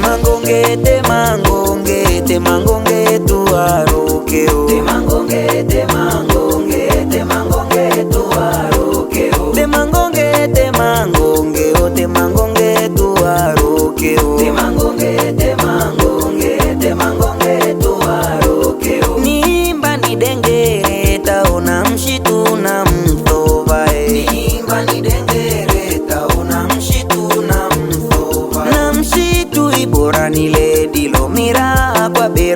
temangonge temangonge temangonge tuarokeo temangonge temangonge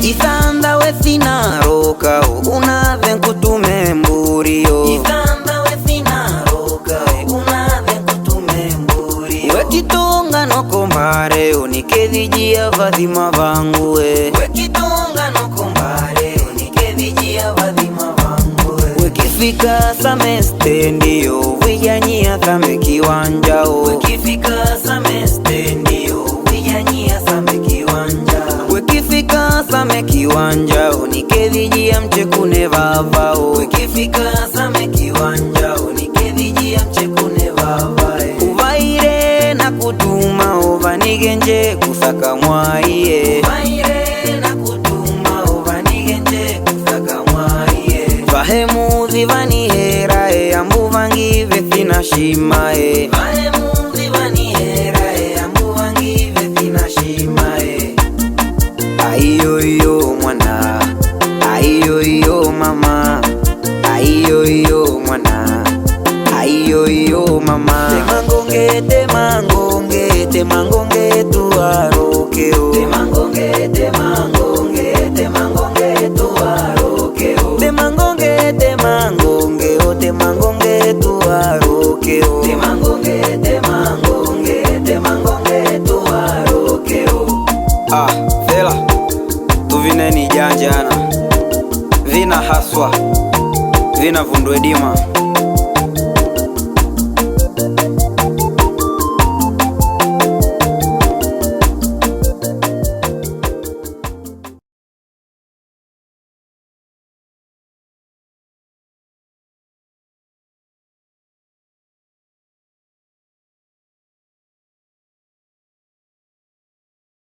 ithanda we thinaroka unave nkutume mburio wekitunga nokombare unikethijia vadhima vangue Wekifika same stendi yo wiyanyia thame kiwanjao Wekifika same stendi Same kiwanja unikedhijia mchekune vavao ukifika Same kiwanja unikedhijia mchekune vavae uvaire na kutuma uvanigenje kusaka mwaiye vahemu zivani herae ambuvangive sina shimae mama, aiyo iyo mwana, aiyo iyo mama. Temangonge temangonge temangonge tuarokeo, temangonge temangonge temangonge tuarokeo, temangonge temangonge o temangonge tuarokeo, temangonge temangonge temangonge tuarokeo. Ah, vela tuvineni janjana vina haswa vina vundwedima